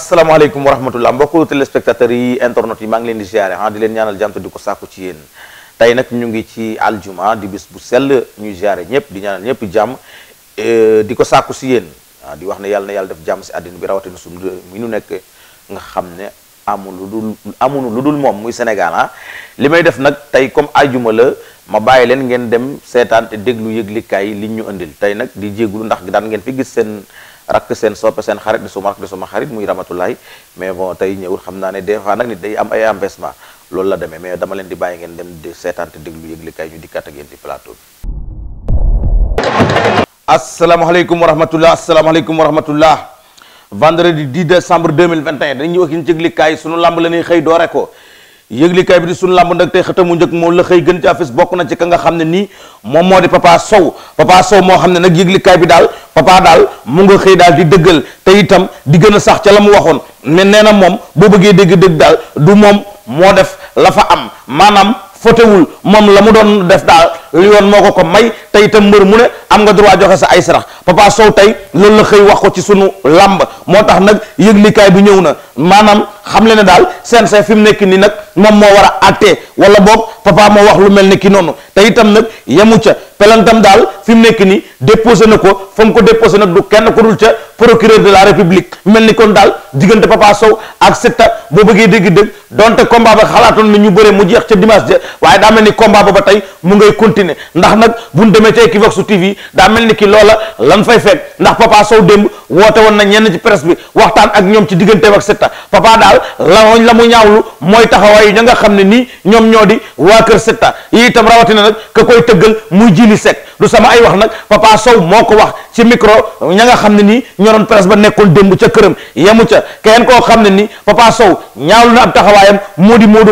asalaamaaleykum wa rahmatullah mbokku téléspectateurs yi internet yi maa ngi leen di ziare ah di leen ñaanal jàmm te di ko sàkku ci yéen tey nag ñu ngi ci aljuma di bis bu sell ñuy ziare ñëpp di ñaanal ñëpp jàmm eh, di ko sàkku si yéen ah di wax ne yàlla na yàlla def jàmm si àddina bi rawatina suñu mi nu nekk nga xam ne amu lu dul amunu lu dul moom muy Sénégal ah li may def nag tey comme ajuma la ma bàyyi leen ngeen dem seetaan te déglu yëglikaay yi liñ ñu indil tey nag di jéeglu ndax daan ngeen fi gis seen rakk seen soppe seen xarit di suma rakk di suma xarit muy ramatulaay mais bon tey ñëwul xam naa ne des fois nag nit day am ay empêchement loolu la demee mais dama leen di bàyyi ngeen dem di seetaan te déglu yëglikaay ñu dikkaat ak yéen ci plateau bi. asalaamaaleykum wa rahmatulah asalaamaaleykum wa rahmatulah vendredi 10 décembre 2021 dañuy wax ci yëglikaay sunu lamb la ñuy xëy doore ko. yëglikaay bi di sunu làmb nag tey xëtamu njëkk moom la xëy gën ci afis bokk na ci ka nga xam ne nii moom moo de papa sow papa sow moo xam ne nag yëglikaay bi daal papa daal mu nga xëy daal di dëggal te itam di gën a sax ca la mu waxoon mais nee na moom boo bëggee dégg dëgg daal du moom moo def la fa am maanaam fotewul moom la mu doon def daal yoon moo ko ko may tey itam mbër mu ne am nga droit joxe sa ay sarax Papa Sow tey loolu la xëy wax ko ci sunu làmb moo tax nag yëglikaay bi ñëw na maanaam xam le ne daal CNG fi mu nekk nii nag moom moo war a àtte wala boog papa moo wax lu mel ne ki noonu te itam nag yemu ca pelantam daal fi mu nekk nii déposé na ko fa ko déposé nag du kenn ko dul ca procureur de la république mel ni kon daal diggante Papa Sow ak Siteu boo bëggee dégg-dégg donte combat ba xalaatoon na ñu bëre mu jeex ca dimanche waaye daa mel ni combat ba tey continuer ndax nag buñ demee ci Equivox TV daa mel ni ki loola lan fay fekk ndax Papa Sow démb woote woon na ñenn ci presse bi waxtaan ak ñoom ci digganteem ak Siteu Papa daal lawoñ la mu ñaawlu mooy taxawaayu ña nga xam ne nii ñoom ñoo di waa kër Siteu yi itam rawatina nag ka koy tëggal muy jili sec du sama ay wax nag Papa Sow moo ko wax ci micro ña nga xam ne nii ñoroon presse ba nekkoon démb ca këram yemu ca keneen koo xam ne ni Papa Sow ñaawlu na ab taxawaayam moo di moo di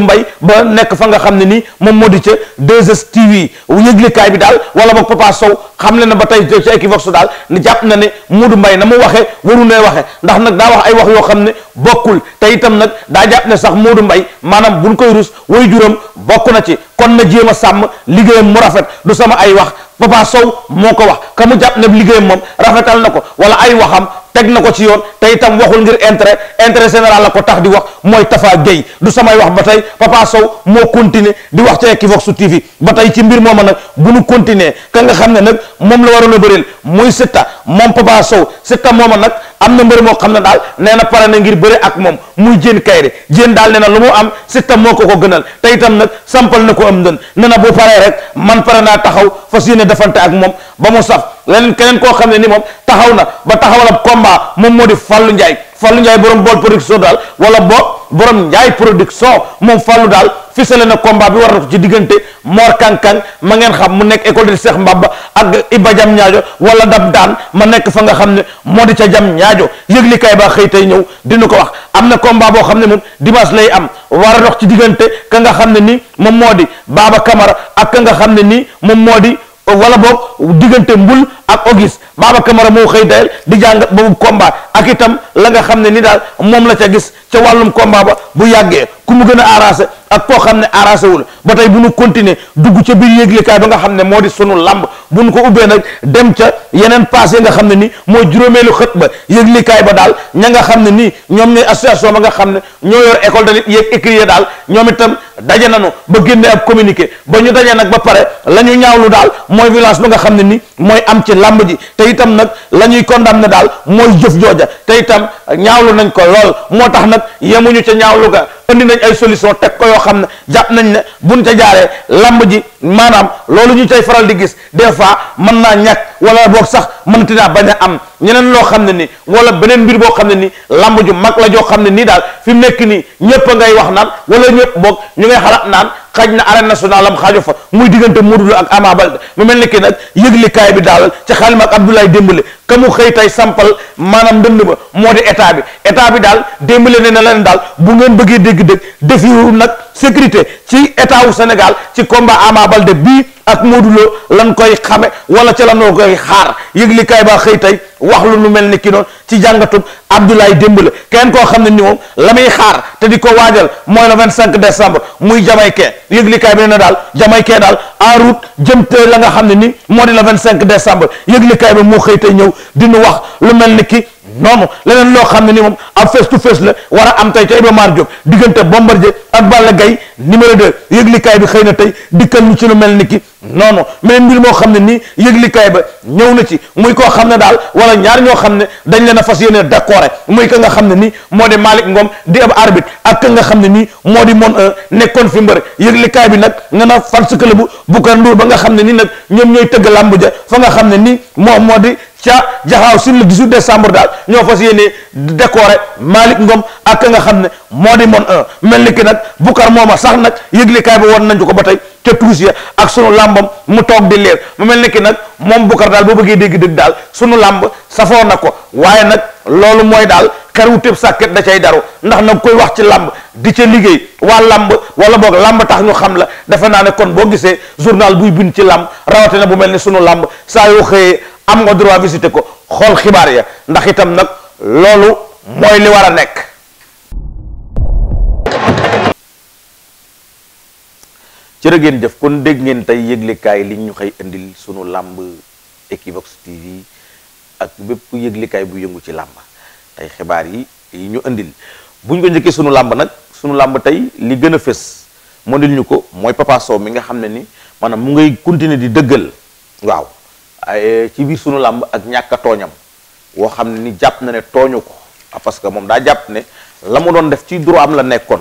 yëglekaay bi daal wala boog Papa Sow xam le na ba tey ci Equivox su daal ni jàpp na ne Modou mbay na mu waxee waru ne waxe ndax nag daa wax ay wax yoo xam ne bokkul te itam nag daa jàpp ne sax Modou Mbaye maanaam buñ koy rus way juram bokk na ci kon na jéem a sàmm liggéeyam mu rafet du sama ay wax Papa Sow moo ko wax ka mu jàpp ne liggéeyam moom rafetal na ko wala ay waxam teg na ko ci yoon te itam waxul ngir intérêt intérêt général la ko tax di wax mooy Tafa Gueye du samay wax ba tey Papa Sow moo continuer di wax ca Equivox TV ba tey ci mbir mooma nag bu nu continuer ka nga xam ne nag moom la waroon a bëreel muy Siteu moom Papa Sow Siteu mooma nag am na mbër moo xam ne daal nee na pare na ngir bëre ak moom muy jén kayre jén daal nee na lu mu am Siteu moo ko ko gënal te itam nag sampal na ko am ndën nee na bu paree rek man pare naa taxaw fas yéene defante ak moom ba mu saf leneen keneen koo xam ne ni moom taxaw na ba taxawal ab combat moom moo di Fallou Ndiaye Fallou Ndiaye borom bool production daal wala boog borom Ndiaye production moom Fallou daal fisale na combat bi war a ko ci diggante Mor Kankang ma ngeen xam mu nekk école de Cheikh Mbaba ak Iba Jam ñaajo wala dab daan ma nekk fa nga xam ne moo di ca jam ñaajo yëgli kay ba xëy tey ñëw dina ko wax am na combat boo xam ne moom dimanche lay am war a dox ci diggante ka nga xam ne ni moom moo di Baba Camara ak ka nga xam ne ni moom moo di wala boog diggante mbul ak ogis Baba Camara moo xëy dayal di jàngat boobu kombaat ak itam la nga xam ne ni daal moom la ca gis ca wàllum combat ba bu yàggee ku mu gën a arrangé ak koo xam ne arrangé wul ba tey bu nu continuer dugg ca biir yëglikaay ba nga xam ne moo di sunu làmb bu nu ko ubbee nag dem ca yeneen paas yi nga xam ne ni mooy juróomeelu xët ba yëglikaay ba daal ña nga xam ne nii ñoom ñooy association ba nga xam ne ñoo yor école de lutte daal ñoom itam daje nañu ba génne ab communiqué ba ñu daje nag ba pare la ñu ñaawlu daal mooy violence ba nga xam ne nii mooy am ci làmb ji te itam nag la ñuy condamné daal mooy jëf jooja te itam ñaawlu nañ ko lool moo tax nag yemuñu ca ñaawlu ga indi nañ ay solution teg ko yoo xam ne jàpp nañ ne bu buñ ca jaaree lamb ji maanaam loolu ñu cay faral di gis des fois mën naa ñàkk wala boog sax mënti naa bañ a am ñeneen loo xam ne ni wala beneen mbir boo xam ne nii lamb ju mag la joo xam ne nii daal fi mu nekk nii ñëpp ngay wax naan wala ñëpp boog ñu ngay xalaat naan xaaj na arène nationale am xaaju fa muy diggante Modou Lo ak Ama Baldé mu mel ni ki nag yëglikaay bi daal ci xalima ak Abdoulaye Dembélé ka mu xëy tay sampal maanaam ndënd ba moo di état bi état bi daal Dembélé ne na leen daal bu ngeen bëggee dégg-dégg defiru nag sécurité ci état u Sénégal ci combat Ama de bii ak Modou Lo lan koy xame wala ca lanoo koy xaar yëgli kaay baa xëy tey wax lu nu mel ni ki noonu ci jàngatub Abdoulaye Dembélé kenn koo xam ne ni moom la muy xaar te di ko waajal mooy le 25 décembre muy jamaïcain yëgli kaay bi nee daal jamaïcain daal en route jëm te la nga xam ne ni moo di le 25 décembre yëgli kaay ba moo xëy tey ñëw di nu wax lu mel ni noonu leneen loo xam ne ni moom ab face to face la war a am tey ca Iba Mar Diop diggante Bombardier ak Balla Gaye numéro 2 yëglikaay bi xëy na tey dikkal ñu ci lu mel ni ki noonu mais mbir moo xam ne nii yëglikaay ba ñëw na ci muy koo xam ne daal wala ñaar ñoo xam ne dañ leen a fas yéene d'accord muy ka nga xam ne nii moo di Malick Ngom di ab arbitre nga xam ne nii moo di moon nekkoon fi mbër yëglikaay bi nag nga na fan club bu Boucar Ndour ba nga xam ne nii nag ñoom ñooy tëgg làmb ja fa nga xam ne nii moom moo di ca jaxaaw si le 18 décembre daal ñoo fas yéenee décoré Malick Ngom ak ka nga xam ne moo di moon un mel ni ki nag Bukar mooma sax nag yëgle ba woon nañ ko ba tey ca tuus ya ak sunu làmbam mu toog mu mel ni ki nag moom Bukar daal boo bëggee dégg-dégg daal sunu làmb safoo na ko waaye nag loolu mooy daal xeru tëb sàkket da cay daru ndax nag koy wax ci làmb di ca liggéey waa làmb wala boog làmb tax ñu xam la defe naa ne kon boo gisee journal buy bind ci làmb rawatina bu mel ni sunu làmb saa yoo xëyee am nga droit visiter ko xool xibaar ya ndax itam nag loolu mooy li war a nekk jërë ngeen jëf kon dégg ngeen tey yëglikaay li ñu xëy indil sunu làmb Equivox TV ak bépp yëglikaay bu yëngu ci làmb tey xibaar yi yi ñu indil bu ñu ko njëkkee sunu làmb nag sunu làmb tey li gën a fës moo dil ñu ko mooy Papa Sow mi nga xam ne ni maanaam mu ngay continuer di dëggal waaw ci biir sunu làmb ak ñàkk tooñam woo xam ne ni jàpp na ne tooñu ko ah, parce que moom daa jàpp ne la mu doon def ci droit am la nekkoon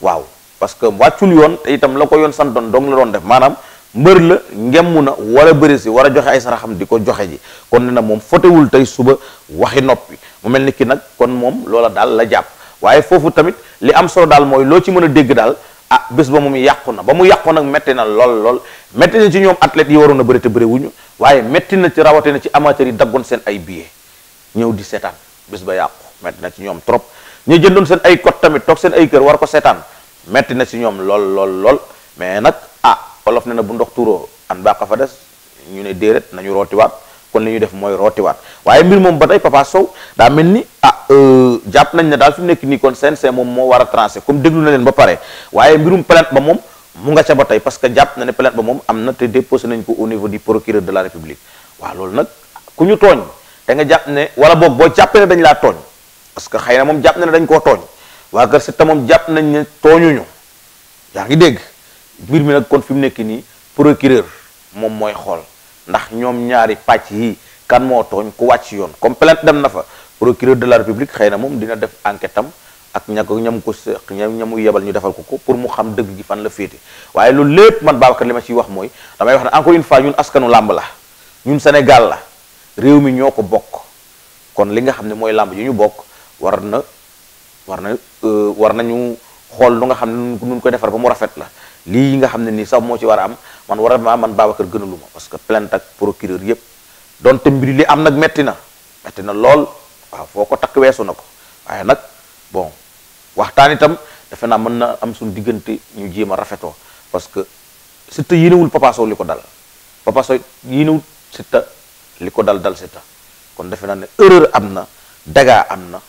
waaw parce que wàccul yoon te itam la ko yoon santoon dong la doon def maanaam mbër la ngemm na war a bëri si war a joxe ay saraxam di ko joxe ji kon ne na moom fotewul tey suba waxi noppi mu mel ni ki nag kon moom loola daal la jàpp waaye foofu tamit li am solo daal mooy loo ci mën a dégg daal ah bés ba moom yàqu na ba mu yàqu nag metti na lool lool métti na ci ñoom athlètes yi waroon a bëri te bëri wuñu waaye métti na ci rawatina ci amateurs yi daggoon seen ay biie ñëw di seetaan bés ba yàqu métti na ci ñoom trop ñu jëndoon seen ay code tamit toog seen ay kër war ko seetaan métti na ci ñoom lool lool lool mais nag a ah, olof ne na bu ndox tuuroo an baax fa des ñu ne déedéet nañu rootiwaat kon li ñu def mooy rootiwaat waaye mbir moom ba tey Papa Sow daa mel ni ah euh, jàpp nañ ne daal fi mu nekk nii kon CNG moom moo war a tranché comme déglu na leen ba pare waaye mbirum plainte ba moom. mu nga ca ba tey parce que jàpp na ne plainte ba moom am na te déposé nañ ko au niveau du procureur de la république waaw loolu nag ku ñu tooñ te nga jàpp ne wala boog boo jàppee ne dañ laa tooñ parce que xëy na moom jàpp na dañ koo tooñ waa kër Siteu moom jàpp nañ ne tooñuñu yaa ngi dégg mbir mi nag kon fi mu nekk nii procureur moom mooy xool ndax ñoom ñaari pàcc yi kan moo tooñ ku wàcc yoon comme plainte dem na fa procureur de la république xëy na moom dina def enquête am ak ña ko ñam ko sëq ñamu yebal ñu defal ko ko pour mu xam dëgg gi fan la féete waaye loolu lépp man Babacar li ma ciy wax mooy damay wax ne encore une fois ñun askanu làmb la ñun senegal la réew mi ñoo ko bokk kon li nga xam ne mooy làmb yi ñu bokk war na war na euh, war nañu xool lu nga xam ne nun koy defar ba mu rafet la lii nga xam ne nii sax moo ci war a am man war a man Babacar gënalu ma parce que plainte ak procureur yépp donte mbir li am nag metti na metti na lool foo ko takk weesu na ko waxtaan itam defe naa mën na am suñu diggante ñu jéem a rafetoo parce que Siteu yéenewul Papa Sow li ko dal Papa Sow yéenewul Siteu li ko dal dal Siteu kon defe naa ne erreur am na dagaa am na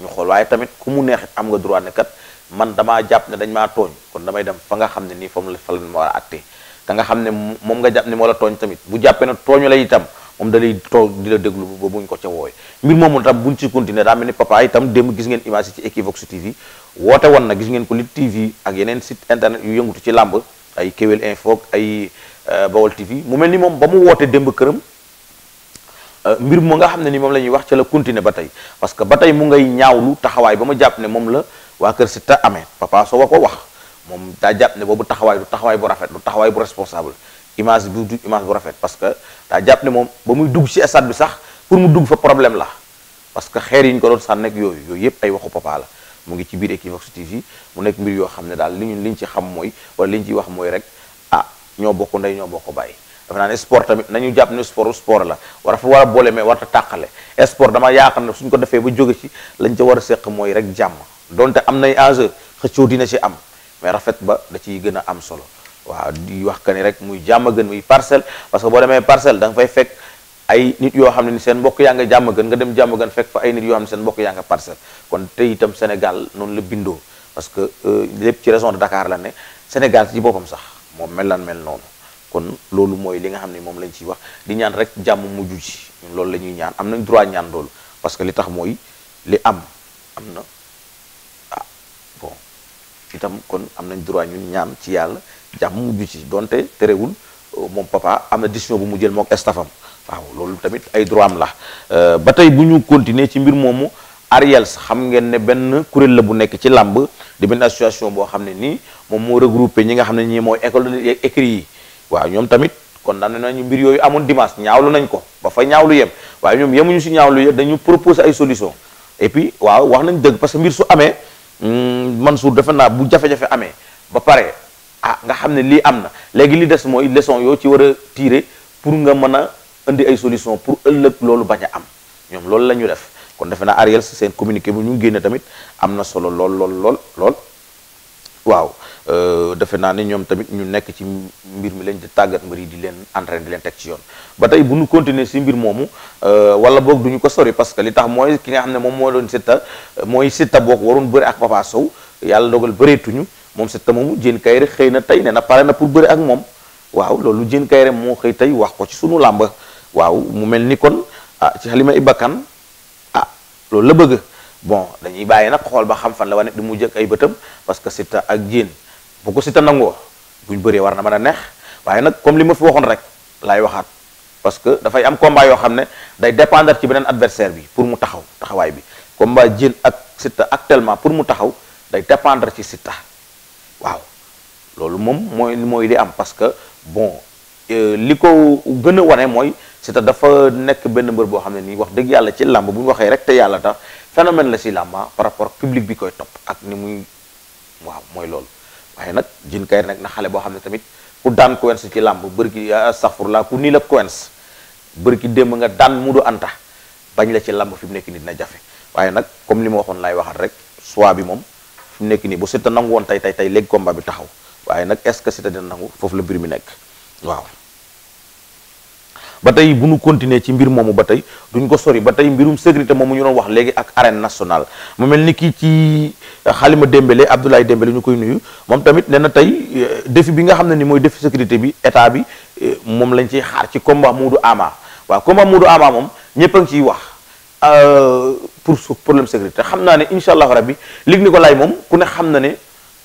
ñu xool waaye tamit ku mu neex am nga droit kat man damaa jàpp ne dañ maa tooñ kon damay dem fa nga xam ne nii fa mu la fa la ma war a àtte ka nga xam ne moom nga jàpp ne moo la tooñ tamit bu jàppee ne tooñu la itam moom da lay toog di la déglu ba buñ ko ca wooye mbir moom tam buñ ci continuer daa mel ni papa itam démb gis ngeen image yi ci Equivox TV woote woon na gis ngeen ko Lutte TV ak yeneen site internet yu yëngutu ci làmb ay Kewel Info ay euh, Bawol TV mu mel ni moom ba mu woote démb këram euh, mbir mu nga xam ne ni moom la ñuy wax ca la continuer ba tey parce que ba tey mu ngay ñaawlu taxawaay ba ma jàpp ne moom la waa Kër si Siteu amee papa soo wa ko wax moom daa jàpp ne boobu taxawaay du taxawaay bu rafet du taxawaay bu image bi du image bu rafet parce que daa jàpp ne moom ba muy dugg ci stade bi sax pour mu dugg fa problème la parce que xeer yi ñu ko doon sànn ak yooyu yooyu yëpp ay waxu papa la mu ngi ci biir Equivox TV mu nekk mbir yoo xam ne daal li ñu li ñu ci xam mooy wala li ñu ciy wax mooy rek ah ñoo bokk ndey ñoo bokk bàyyi dafa naa ne sport tamit nañu jàpp ne sport sport la war a fa war a boole mais war a tàqale sport dama yaa xam ne suñ ko defee ba jóge ci lañ ca war a seq mooy rek jàmm donte am nay enjeu xëccoo dina ci am mais rafet ba da ciy gën a am solo waaw di wax que ni rek muy jàmm gën muy parcelle parce que boo demee parcelle danga nga fay fekk ay nit yoo xam ne ni seen mbokk yaa nga jàmm gën nga dem jàmm gën fekk fa ay nit yoo xam ne seen mbokk yaa nga parcelle kon te itam Sénégal noonu la bindoo parce que euh, lépp ci région de Dakar la ne Sénégal ci boppam sax moom mel lan mel noonu kon loolu mooy li nga xam ne moom lañ ciy wax di ñaan rek jàmm mujj ci ñun loolu la ñuy ñaan am nañ ñaan loolu parce que li tax mooy li am am na ah itam kon am nañ droit ñun ñaan ci yàlla mu mujj ci donte terewul moom papa am na décision bu mu jël mook estafam waaw loolu tamit ay droit am la euh, ba tey bu ñu continuer ci mbir moomu Ariels xam ngeen ne benn kuréel la bu nekk ci làmb di benn association boo xam ne nii moom moo regroupé ñi nga xam ne ñii mooy école écrit yi waaw ñoom tamit kon daan nañu mbir yooyu amoon dimanche ñaawlu nañ ko ba fa ñaawlu yem waaye ñoom yemuñu si ñaawlu yem dañu proposé ay solution et puis wax nañ dëgg parce que mbir su amee hmm, Mansour defe naa bu jafe amee ba pare ah nga xam ne lii am na léegi li des mooy leçon yoo ci war a tirer pour nga mën a indi ay solution pour ëllëg loolu bañ am ñoom loolu la ñu def kon defe naa Ariel seen communiqué bu ñu génne tamit am na solo lool lool lool lool waaw euh, defe naa ne ñoom tamit ñu nekk ci mbir mi lañ di tàggat mbir yi di leen entraîné di leen teg ci yoon ba tey bu ñu continuer si mbir moomu euh, wala boog duñu ko sori parce que li tax mooy ki nga xam ne moom moo doon Siteu mooy Siteu boog waroon bëri ak Papa Sow yàlla dogal bareetuñu moom Siteu moomu Diène Kaïré xëy na tey ne na pare na pour bëre ak moom waaw loolu Diène Kaïré moo xëy tey wax ko ci suñu làmba waaw mu mel ni kon ah ci Halima bakkan ah loolu la bëgg bon dañuy bàyyi nag xool ba xam fan la wane di mu jëkk ay bëtam parce que Siteu ak Diène bu ko Siteu nangoo buñ bëree war na mën a neex waaye nag comme li ma fi waxoon rek laay waxaat parce que dafay am combat yoo xam ne day dépendre ci beneen adversaire bi pour mu taxaw taxawaay bi combat Diène ak Siteu actuellement pour mu taxaw day dépendre ci waaw loolu moom mooy mooy li am parce que bon euh, li ko gën a wane mooy cest à dafa nekk benn mbër boo xam ne nii wax dëgg yàlla ci làmb bu ñu waxee rek te yàlla tax phénomène la si làmba ah par rapport public bi koy topp ak ni muy waaw mooy loolu waaye nag Diène Kaïré nag na xale boo xam ne tamit ku daan Quench ci làmb bëri ki laa ku nii la Quench bëri ki démb nga daan du Anta bañ la ci làmb fi mu nekk nii dina jafe waaye nag comme li ma waxoon laay waxat rek soit bi moom nekk nii bu Siteu nangu woon tey tey tey léegi combat bi taxaw waaye nag est-ce que Siteu dina nangu foofu la mbir mi nekk waaw ba tey bu nu continuer ci mbir moomu ba tey duñ ko sori ba tey mbirum sécurité mu ñu doon wax léegi ak arène nationale mu mel ni kii ci Xalima eh, Dembélé Abdoulaye Dembélé ñu koy nuyu moom tamit nee na tey eh, defi bi nga xam ne ni mooy défi sécurité bi état bi eh, moom lañ ci xaar ci comba Modou Ama waaw combat Modou Ama moom ñëpp a ngi ciy wax euh, pour suuf problème te xam naa ne incha allahu rabbi ko Nicolaï moom ku ne xam na ne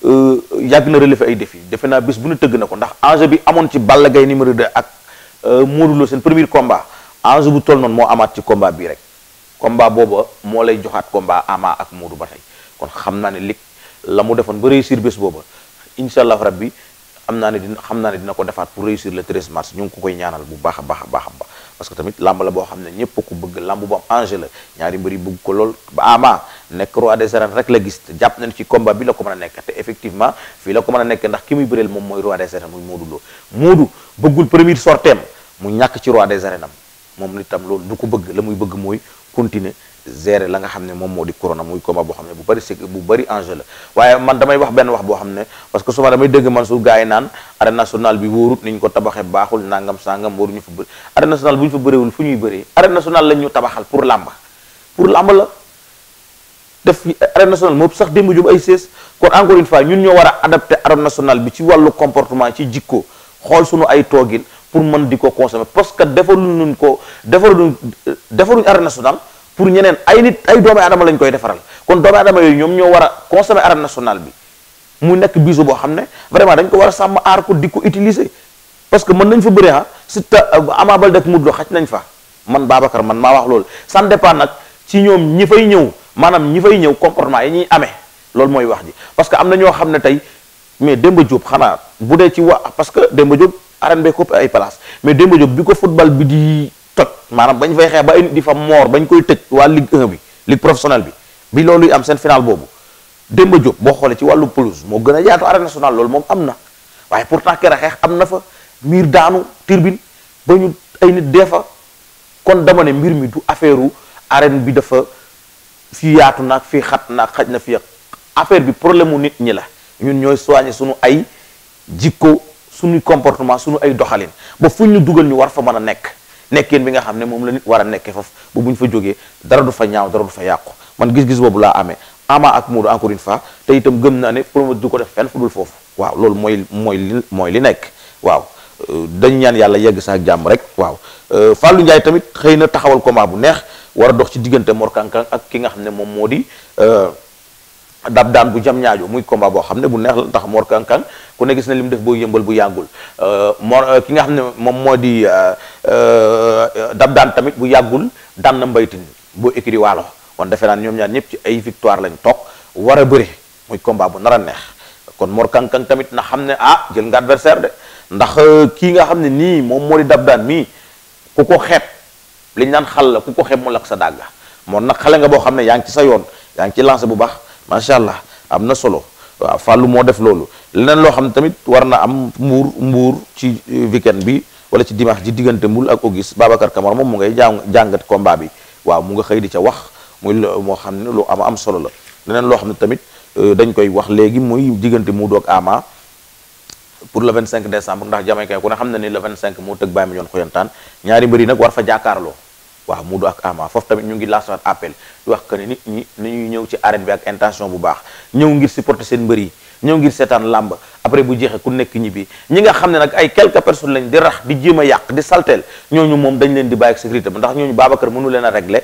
euh, yàgg na relever ay def yi defe naa bés bu ñu tëgg na ko ndax enjeu bi amoon ci ball gay numéro de ak euh, Modou seen premier combat enjeu bu toll noon moo amaat ci combat bii rek combat booba moo lay joxaat combat Ama ak Modou ba tey kon xam naa ne Luc la mu defoon ba réussir bés booba incha allahu bi am naa ne dina xam naa ne dina ko defaat pour réussir le 13 mars ñu ko koy ñaanal bu baax a baax a baax parce que tamit lamb la boo xam ne ñëpp ko bëgg lamb bu am enjeu la ñaari mbëri bëgg ko lool ba ama nekk roi des arènes rek la gis te jàpp nañ ci combat bi la ko mën a nekk te effectivement fii la ko mën a nekk ndax ki muy bëreel moom mooy roi des arènes muy Modou Lo Modou bëggul premier sorteem mu ñàkk ci roi de arènes am moom itam loolu du ko bëgg la muy bëgg mooy continuer gérer la nga xam ne moom moo di corona muy combat boo xam ne bu bëri c'est bu bëri enjeu la waaye man damay wax benn wax boo xam ne parce que souvent damay dégg man su gars naan arène nationale bi wóorut ni ñu ko tabaxee baaxul nangam sangam waruñu fa bëri arène nationale bu ñu fa bëreewul fu ñuy bëree arène nationale lañ tabaxal pour làmba pour làmba la def arène nationale moom sax démb jub ay sees kon encore une fois ñun ñoo war a adapté arène nationale bi pour mën di ko consommer parce que defaruñu ko defaruñu defaruñu arène pour ñeneen ay nit ay doomu aadama lañ koy defaral kon doomu aadama yooyu ñoom ñoo war a consommer arène bi mu nekk bisu boo xam ne vraiment dañ ko war a sàmm aar ko di ko utiliser parce que mën nañ fa bëri ah si ta euh, Ama Baldé ak Modou Lo xaj nañ fa man Babacar man maa wax loolu ça dépend nag ci ñoom ñi fay ñëw maanaam ñi fay ñëw comportement yi ñuy amee loolu mooy wax ji parce arène bay coppe ay place mais Demba Diop bi ko football bi di toj maanaam bañ fay xeex ba ay nit di fa moor bañ koy tëj waa Ligue 1 bi Ligue professionnelle bi bi loolu am seen final boobu Demba Diop boo xoolee ci wàllu pelouse moo gën a yaatu arène nationale loolu moom am na waaye pour kera xeex am na fa miir daanu turbine ba ñu ay nit dee fa kon dama ne mbir mi du affaire u arène bi dafa fii yaatu nag fii xat naag xaj na fii affaire bi problème mu nit ñi la ñun ñooy soigné sunu ay jikko suñu comportement suñu ay doxalin ba fu ñu dugal ñu war fa mën a nekk nekkeen bi nga xam ne moom la nit war a nekkee foofu ba bu ñu fa jógee dara du fa ñaaw dara du fa yàqu man gis-gis boobu laa amee ama ak Modou encore une fois te itam gëm naa ne ma du ko def fenn fu dul foofu waaw loolu mooy mooy li mooy li nekk waaw euh, dañ ñaan yàlla yegg sa ak jàmm rek waaw euh, Fallou Ndiaye tamit xëy na taxawal combat bu neex war a dox ci diggante moor Kankan ak ki nga xam ne moom moo di euh, dab daan bu jam ñaajo muy combat boo xam ne bu neex la ndax Mor Kang Kang ku ne gis na lim def boo yëmbal bu yàggul euh, Mor euh, ki nga xam ne moom moo di euh, dab daan tamit bu yàggul daan na mbaytin boo kon defe naan ñoom ñaar ñëpp ci ay victoire lañ toog war a bëri muy combat bu nar a neex kon Mor Kang tamit na xam ne ah jël nga ndax kii nga xam ne nii moom moo di dab mii ku ko xeet li ñu naan xal la ku ko xeeb mu lakk sa dàgga moom nag xale nga boo xam ne yaa ngi ci sa yoon yaa ngi ci lancé bu baax macha allah am na solo waaw fàllu moo def loolu leneen loo xam ne tamit war na am mbuur mbuur ci euh, weekend bi wala ci dimanche ji diggante mbul ak Auguste Babacar Camara moom mu ngay jàng jàngat combat bi waaw mu nga xëy di ca wax muy moo xam ne lu am am solo la leneen loo xam ne tamit euh, dañ koy wax léegi muy diggante mu doog ama pour le 25 décembre ndax jamaïcain ku ne xam na ni le 25 moo tëg bàyyi ma ñoon xoyantaan ñaari mbër yi nag war fa jàkkaarloo waaw Modou ak Ama foofu tamit ñu ngi laa waat appel di wax que nit ñi nañuy ñëw ci arène bi ak intention bu baax ñëw ngir supporter seen mbër yi ñëw ngir seetaan làmb après bu jeexee ku nekk ñibbi ñi nga xam ne nag ay quelques personnes lañ di rax di jéem a yàq di salteel ñooñu moom dañ leen di bàyyi ak sécurité ba ndax ñooñu Babacar mënu leen a régler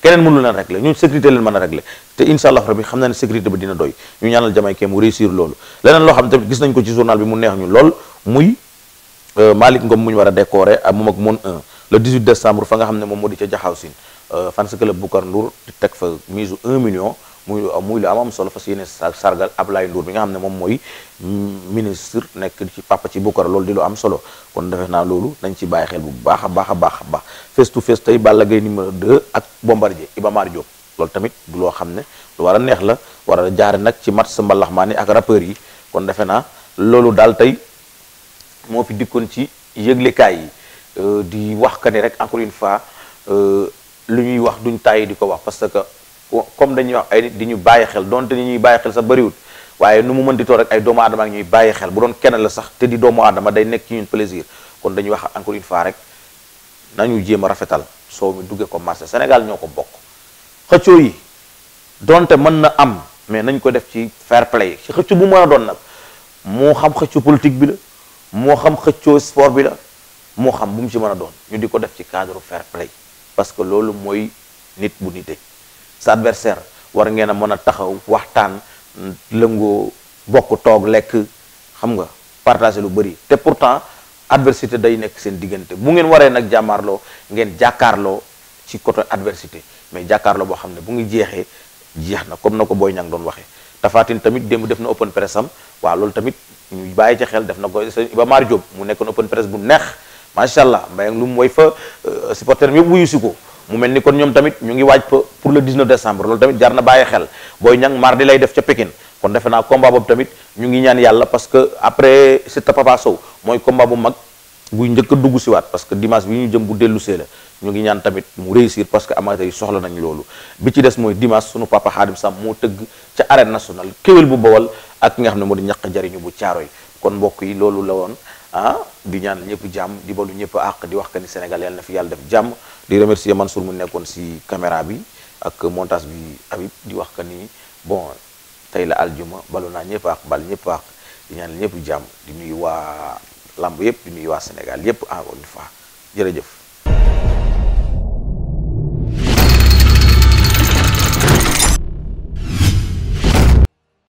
keneen mënu leen régler ñooñu sécurité leen mën a régler te incha allah rabbi xam na ne sécurité ba dina doy ñu ñaanal jamaykee mu réussir loolu leneen loo xam gis nañ ko ci journal bi mu neex ñu lool muy euh, Malick Ngom mu ñu war a décorer moom ak moon le 18 décembre fa nga xam ne moom moo di ca jaxaaw sin euh, fans club Boucar Ndour di teg fa mise 1 million muy muy lu am am solo fa fas yéene sargal Ablaye Ndour bi nga xam ne moom mooy ministre nekk ci papa ci Boucar loolu di lu am solo kon defe naa loolu nañ ci bàyyi xel bu baax a baax baax a baax face to face tey Balla Gaye numéro 2 ak Bombardier Iba Mar loolu tamit loo xam ne lu a neex la war a jaare nag ci match mbalax maani ak rappeurs yi kon defe naa loolu daal tey moo fi dikkoon ci yëglekaay yi Euh, di wax que ni rek encore une fois euh, lu ñuy wax duñ tàyyi di ko wax parce que comme dañuy wax ay nit di ñu bàyyi xel donte ni ñuy bàyyi xel sax bëriwul waaye nu mu mën di toog rek ay doomu aadama ak ñuy bàyyi xel bu doon kenn la sax te di doomu aadama day nekk ci ñun plaisir kon dañuy wax encore une fois rek nañu jéem a rafetal soow mi duggee ko marché Sénégal ñoo ko bokk xëccoo yi donte mën na am mais nañ ko def ci fair play ci xëccu bu mën a doon nag moo xam xëccu politique bi la moo xam xëccoo sport bi la moo xam bu mu ci mën a doon ñu di ko def ci cadre fair play parce que loolu mooy nit bu nite sa adversaire war ngeen a mën a taxaw waxtaan lëngoo bokk toog lekk xam nga partage lu bari te pourtant adversité day nekk seen diggante bu ngeen waree nag jàmmaarloo ngeen jàkkaarloo ci côté adversité mais jàkkaarloo boo xam ne bu ngi jeexee jeex na comme na ko Boy Niang doon waxee tafaatin tamit démb def na open press am waa loolu tamit ñu bàyyi ci xel def na ko Iba Mar Diop mu nekkoon open press bu neex macha allah mbay lu mu woy fa euh, supporter bi yëpp wuyu si ko mu mel ni kon ñoom tamit ñu ngi waaj pour le 19 décembre loolu tamit jar na bàyyi xel booy ñang mardi lay def ca Pékin kon defe naa combat boobu tamit ñu ngi ñaan yàlla parce que après Siteu Papa Sow mooy combat bu mag buy njëkk dugg siwaat waat parce que dimanche bi ñu jëm bu dellu see la ñu ngi ñaan tamit mu réussir parce que amateurs yi soxla nañ loolu bi ci des mooy dimanche sunu papa Xaadim Sam moo tëgg ca arène nationale kéwél bu bawal ak ki nga moo di ñàkk jariñu bu caaro yi kon mbokk yi loolu la woon ah di ñaanal ñëpp jàmm di balu ñëpp àq di wax que ni Sénégal yàlla na fi yàlla def jàmm di remercier Mansour mu nekkoon si caméra bi ak montage bi Habib di wax que ni bon tey la aljuma balu naa ñëpp àq bal ñëpp àq di ñaanal ñëpp jàmm di nuyu waa lamb yëpp di nuyu waa Sénégal yëpp encore une fois jërëjëf.